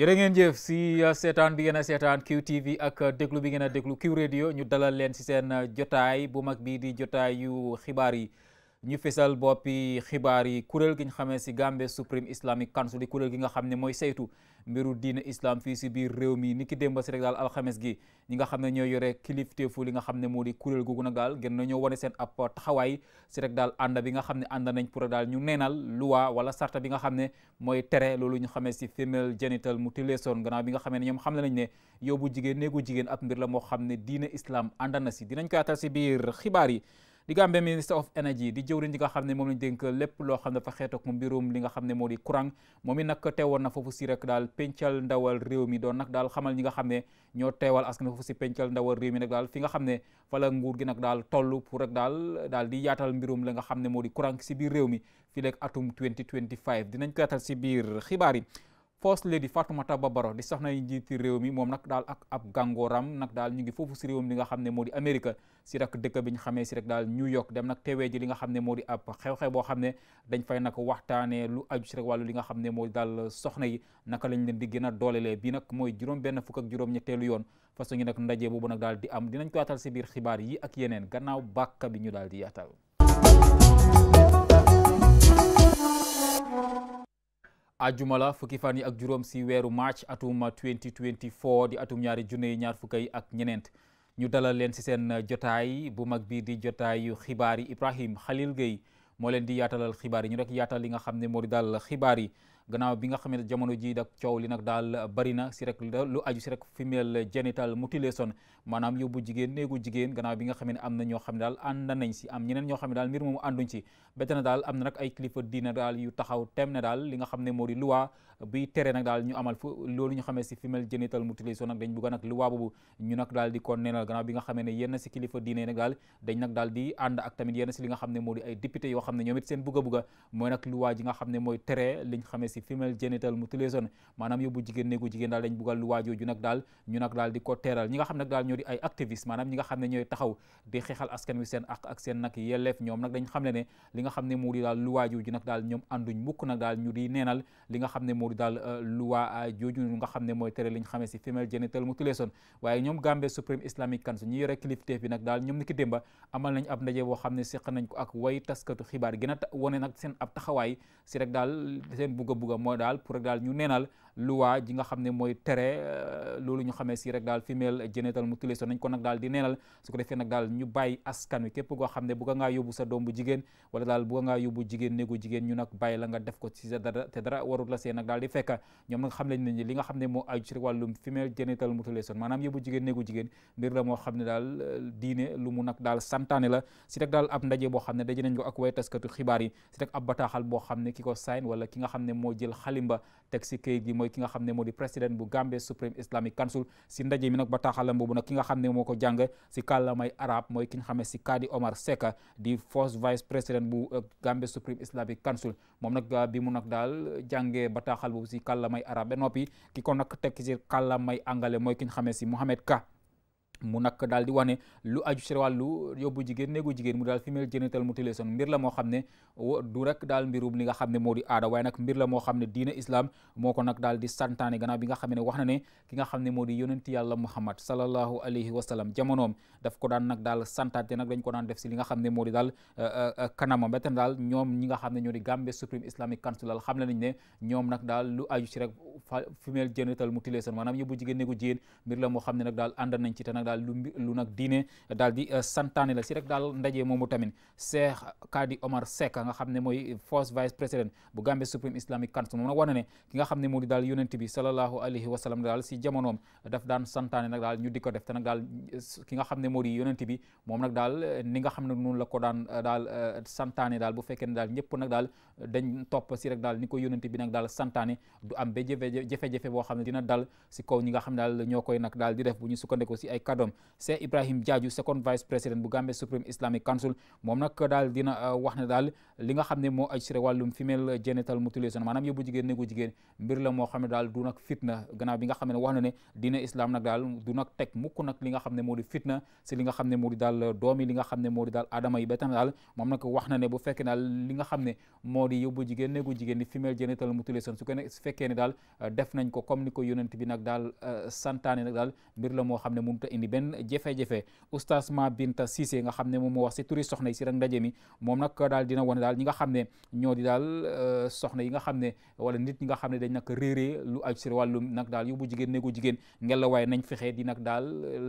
jërë ngeen jëf si uh, seetaan bi ngeen a seetaan QTV ak uh, déglu bi ngeen a déglu Q radio ñu dalal leen si seen uh, jotaay bu mag bii di jotaay yu xibaar yi. ñu fesal boppi xibaar yi kuréel gi ñu xamee si Gambia Supreme Islamic Council di kuréel gi nga xam ne mooy saytu mbiru diine islam fii si biir réew mi ni ki démb si rek daal alxames gi ñi nga xam ne ñoo yore kilifteefu li nga xam ne moo di kuréel googu nag daal gën nañoo wane seen ab taxawaay si rek daal ànd bi nga xam ne ànd nañ pour daal ñu neenal luwa wala sarta bi nga xam ne mooy tere loolu ñu xamee si female genital mutilation gannaaw bi nga xamee ne ñoom xam nañ ne yóbbu jigéen néegu jigéen ab mbir la moo xam ne diine islam ànd na si dinañ ko yaatal si biir xibaar yi di Gambia ministre of energy di jëwriñ li nga xam ne moom lañ dénk lépp loo xam ne dafa xeet ak mbirum li nga xam ne moo di courant moom it nag teewoon na foofu si rek daal pencal ndawal rew mi doon nag daal xamal ñi nga xam ne ñoo teewal askan foofu si pencal ndawal réew mi nag daal fi nga xam ne fa la nguur gi nag daal toll pour rek daal daal di yaatal mbirum la nga xam ne moo di courant si biir réew mi fii leeg atum 2025 dinañ ko yaatal si biir xibaar yi First Lady Fatoumata Baro di soxna yi njiiti réew mi moom nag daal ak ab gàngooram nag daal ñu ngi foofu si réewam li nga xam ne moo di Amérique si rek dëkk bi ñu xamee si rek daal New York dem nag teewee ji li nga xam ne moo di ab xew-xew boo xam ne dañ fay nag waxtaanee lu aju si rek wàllu li nga xam ne moo di daal soxna yi naka lañ leen di gën a doolelee bi nag mooy juróom benn fukk ak juróom ñetteelu yoon façon ngi nag ndaje boobu nag daal di am ko yaatal si biir xibaar yi ak yeneen gannaaw bàkka bi ñu daal di yaatal ajuma la fukki fan yi ak juróom si weeru mars atum 2024 di atum ñaari junne yi ñaar yi ak ñeneent ñu dalal leen si seen jotaay bu mag bii di jotaayu xibaar yi Ibrahim Khalil Gueye moo leen di yaatalal xibaar yi ñu rek yaatal li nga xam ne moo di daal xibaar yi gannaaw bi nga xam ne jamono ji nag coow li nag daal bari si rek lu aju si rek female genital mutilation maanaam yóbbu jigéen néegu jigéen gannaaw bi nga xam ne amal fu loolu ñu xamee si female genital mutilation dañ bugga nag luwaa boobu ñu nag daal di ko neenal gannaaw bi nga xamee ne yenn si kilifa diine nag daal dañ nag daal di ànd ak tamit yenn si li nga xam ne moo di ay député yoo xam ne ñoom seen bugga bugga mooy nag luwaa ji nga si female genital mutilation maanaam yóbbu jigéen néegu jigéen daal dañ buggal lu waajooju nag daal ñu nag daal di ko teeral ñi nga xam nag daal di xeexal askan wi seen ak ak euh, kilifteef bi nag daal ñoom ni ki amal nañ ab ndaje boo xam ne seq ko ak way taskatu xibaar gën a wone nag seen ab taxawaay si rek daal seen bugg a bëgg mooy daal pour rek daal ñu neenal luwaa ji xam ne mooy tere euh, loolu ñu xamee si rek daal female genital mutilation nañ ko nag daal di neenal su ko la nga def ko ci sa dara te dara warut la see nag daal di fekk ñoom nag xam nañ ne li nga xam ne moo aju ci wàllum female genital mutilation maanaam la moo xam ne daal euh, diine lu mu daal santaane la si rek daal ab ndaje boo xam ne daje boo xam ne ki ki nga xam ne moo moo jël xalimba teg si këyit gi mooy ki nga xam ne moo di président bu Gambia Supreme Islamic Council si ndaje mi nag bataaxalam boobu nag ki nga xam ne moo ko jàng si kàllamay arab mooy ki nga xam si Kadi Omar Seck di first vice président bu uh, Gambia Supreme Islamic Council moom nag uh, bi mu nag daal jàngee bataaxal boobu si kàllamay arab ba noppi ki ko nag teg si kàllamay angale mooy ki nga xam si Mohamed Ka mu nag daal di wax ne lu aju ci wàllu yóbbu jigéen néegu jigéen mu daal female genital mutilation mbir la moo xam ne du rek daal mbirum li ne moo di aada waaye nag mbir la xam ne diine islam moo ko nag daal di santaane gannaaw bi nga xam ne wax na ne ki nga xam ne moo di yonenti yàlla muhammad salallahu alayhi wa sallam jamonoom daf ko daan nag daal santaate nag dañ ko daan def si li nga xam ne moo di daal uh, uh, uh, kanamam ba tey daal ñoom ñi nga xam ne ñoo di Gambia Supreme Islamic Council daal xam le nañ ne ñoom nag daal lu aju ci rek daal lu lu nag diine daal di euh, santaane la si rek daal ndaje moomu tamit Cheikh Kadi Omar Seck nga xam ne mooy first vice president bu Gambia Supreme Islamic Council moom nag daal ni nga xam ne noonu la ko daan euh, daal euh, santaane daal bu fekkee ne daal ñëpp nag daal dañ topp si rek daal ni ko yonent bi nag daal si kaw ñi nga xam ne daal ñoo koy nag daal di def bu ñu sukkandeko si ay kàddu kàddoom Cheikh Ibrahim Diadiou second vice président bu Supreme Islamic Council moom nag daal dina euh, wax daal li nga xam moo aju si wàllum female genital mutilation maanaam yóbbu jigéen néegu jigéen mbir moo xam daal doomi li nga xam ne daal aadama yi ba tam daal moom nag wax bu fekkee daal li nga xam ne moo jigéen néegu jigéen female genital mutilation su ko ne ne daal euh, def ko comme ni bi nag daal euh, santaane nag daal mbir a benn jafe-jafe oustaz Ma Binta Cissé nga xam ne moom moo wax si turi soxna yi si rek ndaje mi moom nag daal dina wane daal ñi nga xam ne ñoo di daal euh, soxna yi nga xam ne wala nit ñi nga xam ne dañ nag réeree lu aju si wàllum nag daal yóbbu jigéen néegu jigéen ngel la waaye nañ fexe di nag daal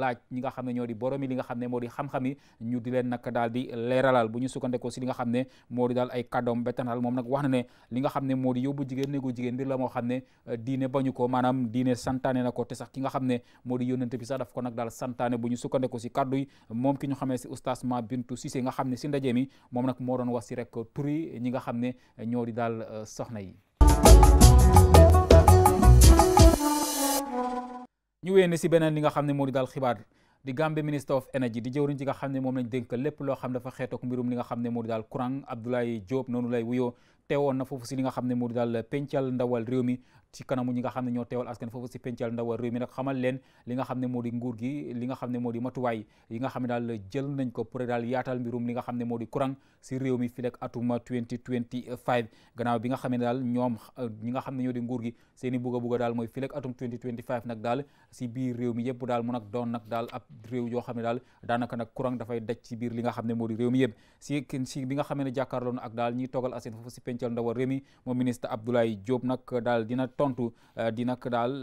laaj ñi nga xam ne ñoo di boromi li nga xam ne moo di xam-xam yi di leen nag daal di leeralal bu ñu sukkandekoo si li nga xam ne moo di daal ay kàddoom betanal moom nag wax na ne li nga xam ne moo di yóbbu jigéen néegu la moo xam ne diine bañu ko maanaam diine santaane ko te sax ki nga xam ne moo di yónnante a daf ko nag daal santaane bu ñu sukkandiku si kaddu yi moom ki ñu xamee si oustaz Ma Bintu Cissé nga xam ne si ndaje mi moom nag moo doon wax si rek turi ñi nga xam ne ñoo di daal euh, soxna yi. ñu si beneen li nga ne moo di daal xibaar. di Gambia Minister of Energy di jëwriñ ci nga xam ne moom lañ dénk lépp loo xam dafa xeetook mbirum li nga xam ne moo di daal courant Abdoulaye Diop noonu lay wuyoo teewoon na foofu si li nga xam ne moo di daal pencal ndawal réew mi ci kanamu ñi nga xam ne ñoo nguur gi li xam ne moo matuwaay yi xam ne daal ñoom ñi nga xam ne ñoo nguur gi seen i bugg a a daal mooy fi rek atum 2025 nag daal si biir réew mi yëpp daal mu xam ne daal daanaka ak daal ñiy toogal askan foofu si pencal ndawal réew mi moom ministre Abdoulaye Diop nag daal dina tontu euh, di nag daal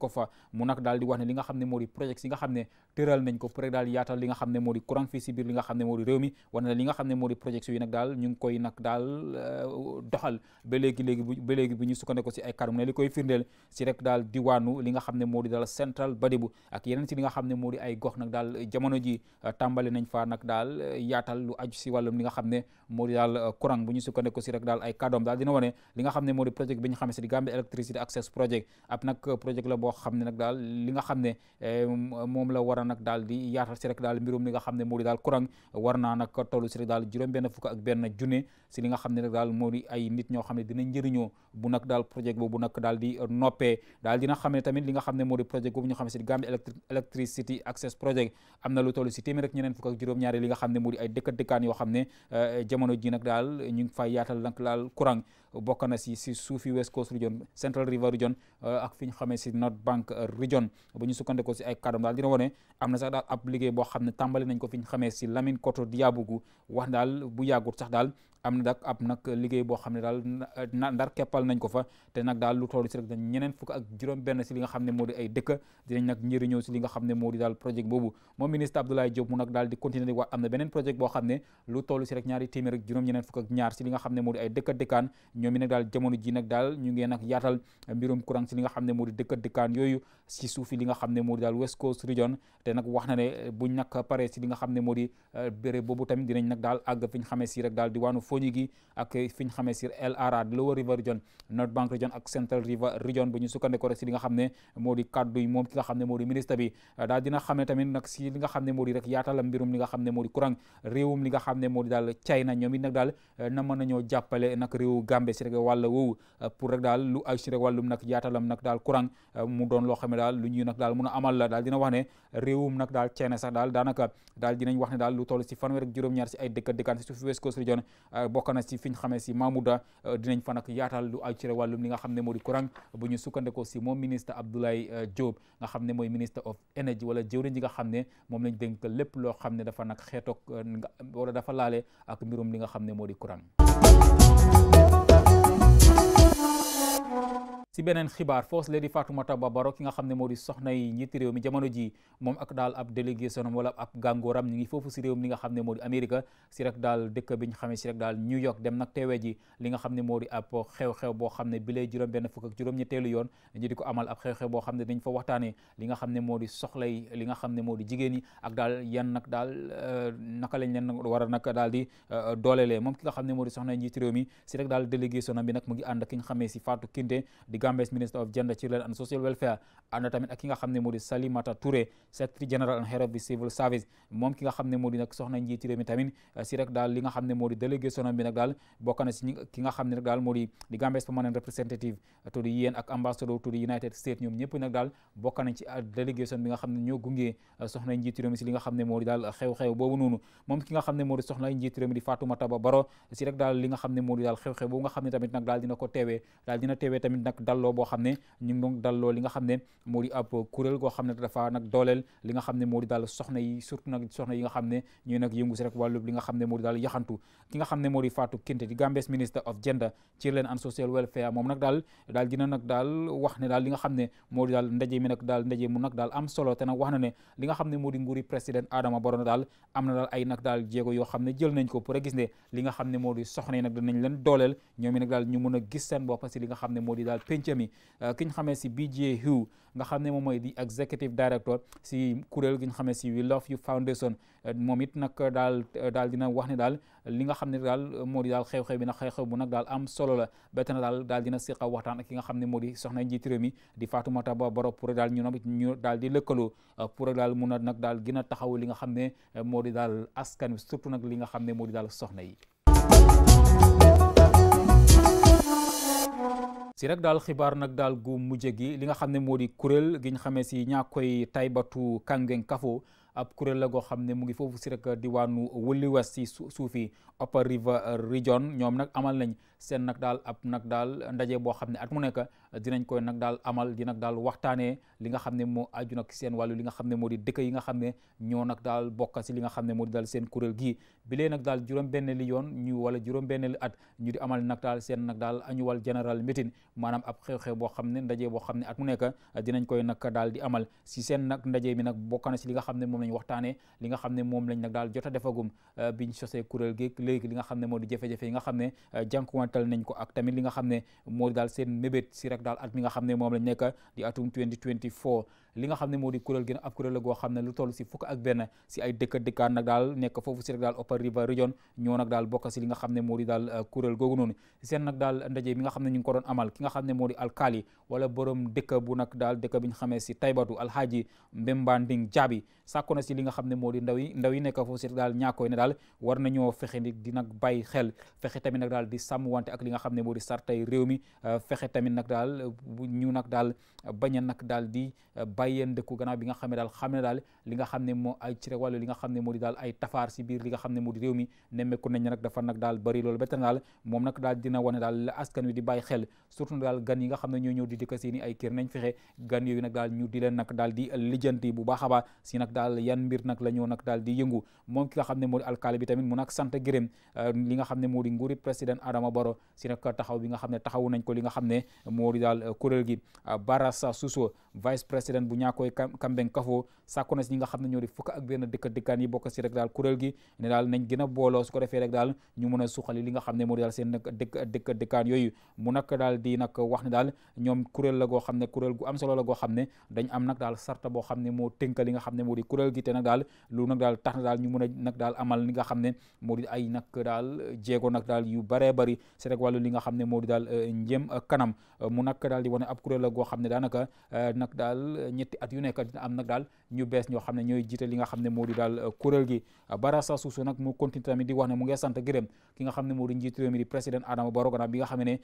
ko fa mu nag daal di wax li nga xam ne moo di projet nga xam ne tëral nañ ko pour daal yaatal daal euh, doxal ba léegi léegi ba léegi bu ñu sukkandiku si ay kàddu ne li koy firndeel si rek daal diwaanu li nga xam ne moo daal central Badebo ak yeneen si li nga xam ne moo ay gox nag daal jamono ji euh, tàmbali nañ fa nag daal yaatal lu aju si wàllum li nga xam ne moo daal wàll euh, courant bu ñu sukkandiku si rek daal ay kàddoom daal dina wane li xam ne moo Project bu ñu xam si di Gambia Electricity Access Project am na lu toll si téeméer ak ñeneen fukk ak juróom ñaari xam ne moo ay dëkkat dëkkaan yoo xam ne euh, jamono ji nag daal ñu ngi fay yaatal nag laal courant bokk na si si suufi West Coast region Central River region ak fi ñu xamee si North Bank region bu ñu sukkandikoo si ay kàddoom daal dina wone am na sax daal ab liggéey boo xam ne tàmbali nañ ko fi ñu xamee si Lamine Koto Diabugu wax daal bu yàggut sax daal am na ab nag liggéey boo xam ne daal ndar keppal nañ ko fa te nag daal lu toll si rek ñeneen fukk ak benn si li nga xam ne moo di ay dëkk xam ne moo di daal projet boo xam ne lu toll si rek ñaari téeméer ak ne moo di ay dëkk dëkkaan ñoom i nag daal jamono ji nag daal ñu nag yaatal mbirum courant si li xam ne moo di dëkk dëkkaan yooyu si suufi li nga xam ne moo di daal West Coast Region te nag wax na ne buñ nag pare si li nga xam ne moo di eh, béré boobu tamit dinañ nag daal àgg fi ñu si rek daal di waanu Foñi gi ak fi ñu xamee si El Arad Lower River Region North Bank Region ak Central River Region bu ñu sukkandikoo rek si li nga xam kaddu moom ki nga xam ne moo bi daal dina xamee tamit nag si li nga xam rek yaatala mbirum li nga xam ne moo di courant réewum daal China a sax daal daanaka daal dinañ wax daal lu toll si fanweer juróom-ñaar si ay dëkka dëkkaan si suuf West Coast Region eh, bokk na si fi ñu xamee si Mamouda euh, dinañ fa nag yaatal lu ay ci wàllum li nga xam ne moo di courant bu ñu sukkandikoo si moom ministre Abdoulaye euh, Diop nga xam ne mooy ministre of energy wala jëwriñ ji nga xam ne moom lañ dénk lépp loo xam ne dafa nag xeetoog euh, wala dafa laale ak mbirum li nga xam ne moo di courant si beneen xibaar First Lady Fatoumata Babaro ki nga xam ne moo di soxna yi njiiti réew mi jamono ji moom ak daal ab délégation am wala ab gàngooram ñu ngi foofu si réew mi nga xam ne moo di Amérique si rek daal dëkk bi ñu daal New York dem nag teewee ji li nga ne moo di xew-xew boo xam ne bi lay juróom benn fukk ak juróom ñetteelu yoon di ko amal ab boo xam ne dañ fa waxtaanee li nga xam ne moo di soxla yi li nga xam ne moo di jigéen yi ak daal yan nag daal euh, naka lañ leen war a daal di euh, doolelee moom ki nga xam ne moo di soxna yi njiiti réew mi si rek daal délégation am bi nag mu ngi ànd ki nga si Fatou Kinte Gambia's Minister of Gender, Children and Social Welfare ànd tamit ak ki Salimata Touré Secretary General and Head of the Civil Service moom ki nga xam soxna njiiti réew eh, di délégation bi nag si ki daal moo di di daal xew-xew boobu noonu moom ki nga xam ne soxna njiiti réew di Fatoumata Bah Barrow si rek daal li nga xam daal xew-xew boobu nga xam ne tamit nag daal dina ko teewee daal dina teewee tamit nag dalloo boo xam ne ñu nga xam ne moo daal soxna yi surtout nag soxna yi nga xam ne ñuy nag yëngu si rek wàllub li nga xam ne moo daal yaxantu li nga xam ne moo nguuri président Adama Barrow daal am na daal ay nag daal jéego yoo xam ne jël nañ ko pour a gis ne li nga xam ne moo soxna yi nag danañ leen dooleel ñoom nag daal ñu mën a gis seen bopp si li nga xam ne moo daal penc penc mi euh, ki ñu xamee si BJ Hugh nga xam ne moom mooy di executive director si kuréel gi ñu xamee si We Love You Foundation moom it nag daal daal dina wax ne daal li nga xam ne daal moo di daal xew-xew bi nag xew-xew bu nag daal am solo la bett na daal daal dina siqa waxtaan ak ki nga xam ne moo di soxna njiit réew mi di Fatoumata Ba Barrow pour daal ñu ñu daal di lëkkaloo euh, pour daal mun a nag daal gën a taxaw li nga xam ne moo di daal askan wi surtout nag li nga xam ne moo di daal soxna yi si rek daal xibaar nag daal gu mujj gi li nga xam ne moo di kuréel gi ñu xamee si ñaa koy taybatu Kangeng Kafo ab kuréel la goo xam ne mu ngi foofu si rek diwaanu Wuli West si suufi Upper River Region ñoom nag amal nañ seen nag daal ab nag daal ndaje boo xam ne at mu nekk dinañ koy nag daal amal di nag daal waxtaanee li nga xam ne moo aju nag seen wàllu li nga xam ne moo di dëkk yi nga xam ne ñoo nag daal bokk si li nga xam ne moo di daal seen kuréel gii bi lee nag daal juróom-benn li yoon ñu wala benn li at ñu di amal nag daal seen nag daal annual general meeting maanaam ab xew boo xam ne ndaje boo xam ne at mu nekk dinañ koy nag daal di amal si seen nag ndaje mi nag bokk na si li nga xam ne moom lañ waxtaanee li nga xam ne moom lañ nag daal jot a defagum biñ sosee kuréel gi léegi li nga xam ne moo di jafe-jafe yi nga xam ne jànkuwante motal nañ ko ak tamit li nga xam ne moo daal seen mébét si rek daal at mi nga xam ne moom lañ nekk di atum 2024 li nga xam ne moo di kuréel gi nag ab kuréel la goo xam ne lu tol si fukk ak benn si ay dëkk dëkkaan nag daal nekk foofu si rek daal Upper River Region ñoo nag daal bokk si li nga xam ne moo di daal uh, kuréel googu noonu seen nag daal ndaje mi nga xam ne ñu ngi ko doon amal ki nga xam ne moo di alkaali wala borom dëkk bu nag daal dëkk bi ñu xamee si taybatu alhaaji mbembanding jaabi sàkku na si li nga xam ne moo di ndaw yi ndaw yi nekk foofu si rek daal ñaakooy ne daal war nañoo fexe ni di nag bàyyi xel fexe tamit nag daal di sàmm wante ak li nga xam ne moo di sartay réew mi uh, fexe tamit nag daal ñu nag daal bañ a daal di uh, bàyyeendeku gannaaw bi nga xam ne daal xam ne daal li nga xam ne moo ay ci rek wàllu li nga xam ne moo di daal ay tafaar si biir li nga xam ne moo di réew daal bëri loolu ba tax daal nga xam ne daal di leen bu baax a si nag daal yan mbir nag la ñoo daal di yëngu moom ki nga xam ne moo bi tamit mu nag sant gërëm li nga xam ne nguuri président Adama Barrow si nag taxaw bi nga xam taxawu nañ ko li nga xam ne daal kuréel bu ñakoy kambeng kafo sàkku na si ñi nga xam ne ñoo di fukk ak benn dëkk dëkkaan yi bokk si rek daal kuréel gi ne daal nañ gën a booloo su ko defee rek daal ñu mën a suqali li nga xam ne moo di daal seen dëkk dëkk dëkkaan yooyu mu nag daal di nag wax ne daal ñoom kuréel la goo xam ne kuréel gu am solo la goo xam ne dañ am nag daal sarta boo xam ne moo tënk li nga xam ne moo di gi te nag daal lu nag daal tax na daal ñu mën a nag daal amal li nga xam ne moo di ay nag daal jéego nag daal yu baree bari si rek wàllu li nga xam ne moo di daal njëm kanam mu nag daal di wane ab kuréel la goo xam ne daanaka nag daal ñetti at yu nekk dina am nag daal ñu bees ñoo xam ne ñooy jiite li nga xam ne moo di daal euh, kuréel gi Barasa Suusu nag mu continue tamit di wax ne mu ngi sant gërëm ki nga xam ne moo di njiit di président Adama Barrow gannaaw bi nga xam ne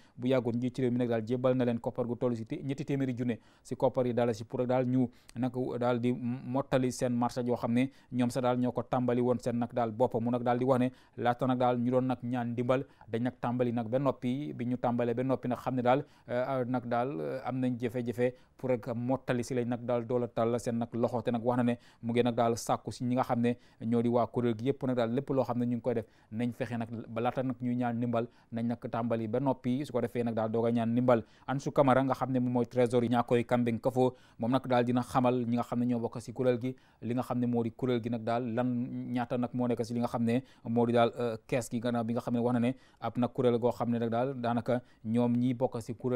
daal di mottali seen marché yoo xam ne ñoom sa daal ñoo ko tàmbali woon seen nag daal bopp mu nag daal di wax ne laata nag daal ñu doon nag ñaan ndimbal dañ nag tàmbali nag ba noppi bi ñu tàmbalee ba noppi nag xam ne daal euh, nag daal euh, am nañ jafe nag wax ne mu ngi nag daal sàkku si ñi nga xam ne ñoo di waa kuréel gi yëpp nag daal lépp loo xam ne ñu koy def nañ fexe nag ba laata nag ñuy ñaan ndimbal nañ nag tàmbali ba noppi su ko defee nag daal doog a ñaan ndimbal Ansou Camara nga xam ne moom nga xam ne ñoo bokk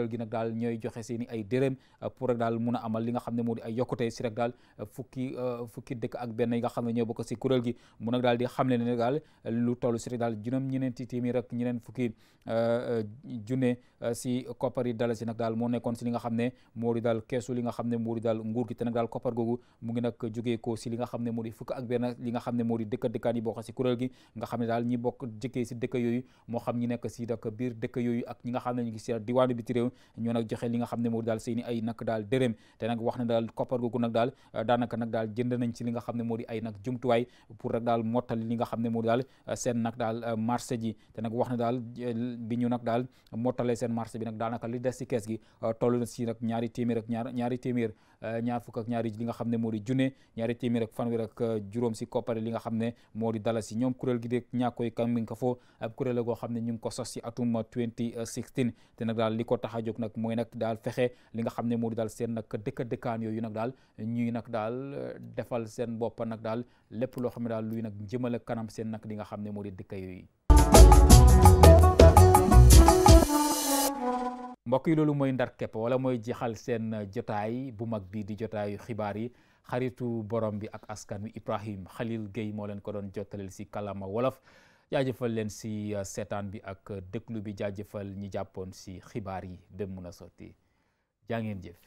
gi nag daal ñooy joxe seeni ay dërëm euh, pour rek daal mun a amal li nga xam ne moo ay yokkute si rek daal euh, fukki euh, fukki dëkk ak benn nga xam ne ñoo bokk si kuréel gi mu nag daal di xamle ne daal lu toll si daal juróom ñeneenti téeméer ñeneen fukki euh, junne si euh, koppar yi dalasi nag daal moo nekkoon si li nga xam ne moo di daal keesu li nga xam ne moo di daal nguur gi te nag daal koppar googu mu ngi nag jógee ko li nga xam ne moo di fukk ak benn li nga xam ne moo di dëkk dëkkaan yi bokk si kuréel gi nga xam ne daal ñi bokk jëkkee si dëkk yooyu moo xam ñi nekk si dak biir dëkk yooyu ak ñi nga xam ne ñu ngi si diwaanu biti réew ñoo nag joxe li nga xam ne moo di daal seeni ay nak daal dërëm te nag wax ne daal koppar googu nag daal nag daal jënd nañ ci li nga xam ne moo di ay nag jumtuwaay pour rek daal mottali li nga xam ne moo daal euh, seen nag daal euh, marché ji te nag wax ne daal euh, bi ñu nag daal mottalee seen marché bi nag daanaka li des ci kees gi toll na si nag ñaari téeméer ak ñaar ñaari téeméer ñaar fukk ñaari nga xam ne moo di junne ñaari téeméer ak fanweer ak juróom si koppare li nga xam ne moo di dala si ñoom kuréel gi de ñàkkoy kambing ka foo ab kuréel la goo xam ne ñu ngi ko sos si daal li ko tax a jóg nag mooy nag daal fexe li nga xam ne moo di daal seen nag dëkka dëkkaan yooyu nag daal ñuy nag daal Euh, defal seen bopp nag daal lépp loo xam ne daal luy nag jëmale kanam seen nag li nga xam ne moo di dëkk yooyu. yi loolu mooy ndar képp wala mooy jeexal seen jotaay bu mag bii di jotaayu xibaar yi xaritu boroom bi ak askan wi Ibrahim Khalil géey moo leen ko doon jottaleel ci kàllaama wolof jaajëfal leen si euh, seetaan bi ak euh, déglu bi jaajëfal ñi jàppoon si xibaar yi dem mun a sotti jaa ngeen jëf.